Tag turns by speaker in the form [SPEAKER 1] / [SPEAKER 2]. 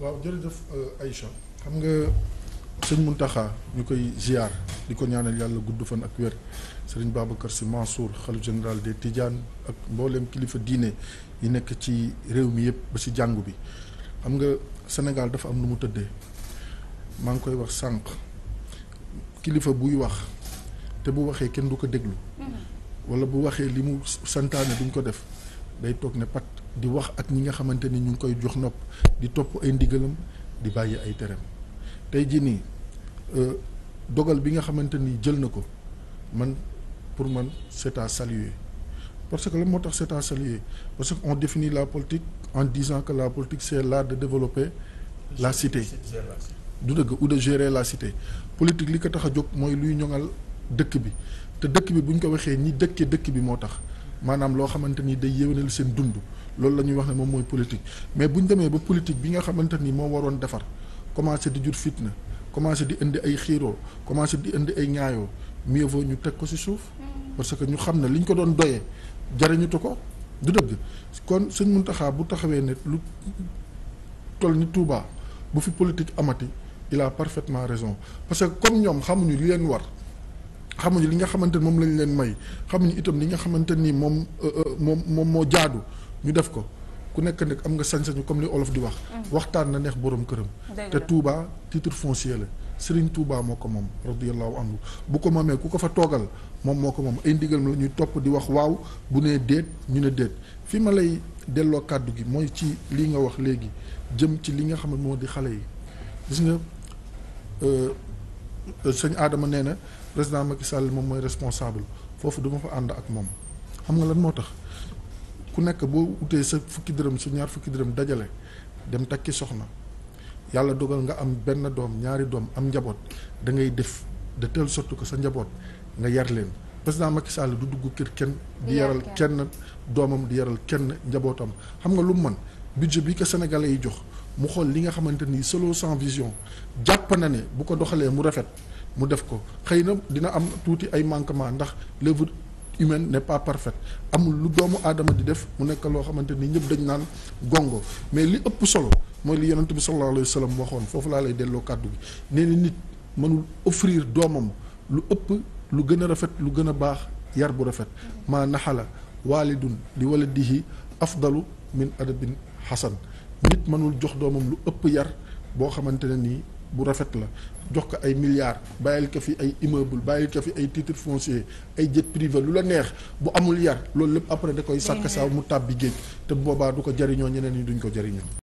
[SPEAKER 1] waaw jërëjëf euh, Aïcha xam nga sëñ mun Muntaxa ñu koy ziar di ko ñaanal yàlla gudd fan ak wér sëriñ Babacar Sy Mansour xalif général des tijaan ak mbooleem kilifa diine yi nekk ci réew mi yëpp ba ci jàngu bi xam nga Sénégal dafa am lu mu tëddee maa ngi koy wax sànq kilifa buy wax te bu waxee kenn du ko déglu mm-hmm. wala bu waxee li mu santaane duñ ko def day toog ne pat di wax ak ñi nga xamante ni ñu ngi koy jox nopp di topp ay ndigalam di bàyyi ay teram tey jii nii euh, dogal bi nga xamante ni jël na ko man pour man c'est à saluer parce que la moo tax c'est à saluer parce que on définit la politique en disant que la politique c'est l'art de développer la cité du dëgg ou de gérer la cité politique li ko tax a jóg mooy luy ñoŋal dëkk bi te dëkk bi bu ko waxee ñi dëkkee dëkk bi moo tax maanaam loo xamante ni day yéwénal seen dund loolu la ñuy wax ne moom mooy politique mais bu ñu demee ba politique bi nga xamante ni moo waroon defar commencé di jur fitna commencé di indi ay xiiroo commencé di indi ay ñaayoo mieux vaut ñu teg ko ci suuf parce que ñu xam ne li ñu ko doon doyee jariñutu ko du dëgg kon sëñ taxaa bu taxawee ne lu toll ni Touba bu fi politique amati il a parfaitement raison parce que comme ñoom xamuñu li leen war xamuñu li nga xamante ni moom lañ leen may xamuñu itam li nga xamante nii moom euh, euh, moom moom moo jaadu ñu def ko ku nekk nag am nga sañ-sañu comme li olof di wax. Mm. waxtaan na neex borom këram. te Touba titre foncier la sëriñ Touba moo ko moom radiyallahu anhu bu ko moomee ku ko fa toogal moom moo ko moom ay ndigal la topp di wax waaw bu nee déet ñu ne déet fi ma lay delloo kàddu gi mooy ci lii nga wax léegi jëm ci li nga xam ne moo di xale yi gis nga euh, sëñ Adama nee na. président Macky Sall moom mooy responsable foofu duma ma fa ànd ak moom xam nga lan moo tax ku nekk boo utee sa fukki dërëm su ñaar fukki dërëm dajale dem takki soxna yàlla dogal nga am benn doom ñaari doom am njaboot da ngay def de telle sorte que sa njaboot nga yar leen président Macky Sall du dugg kër kenn di yaral kenn doomam di yaral kenn njabootam xam nga lu mu mën budget bi ko sénégalais yi jox mu xool li nga xamante ni solo sans vision jàpp na ne bu ko doxalee mu rafet mu def ko xëy na dina am tuuti ay manquement ndax l'œuvre humaine n'est pas rafet amul lu doomu aadama di def mu nekk loo xamante ni ñëpp dañ naan gongo mais li ëpp solo mooy li yonent bi sallallahu alayhi wa sallam waxoon foofu laa lay delloo kàddu gi nee na nit mënul offrir doomam lu ëpp lu gën a rafet lu gën a baax yar bu rafet ma naxala waalidun li waladihi afdalu min adabin xasan nit mënul jox doomam lu ëpp yar boo xamante ne nii bu rafet la jox ko ay milliards bàyyil ko fi ay immeuble bàyyil ko fi ay titre foncier ay jet privé lu la neex bu amul yar loolu lépp après da koy sàkk saaw mu tàbbi géej te boobaa du ko jariñoo ñeneen ñi duñ ko jariñoo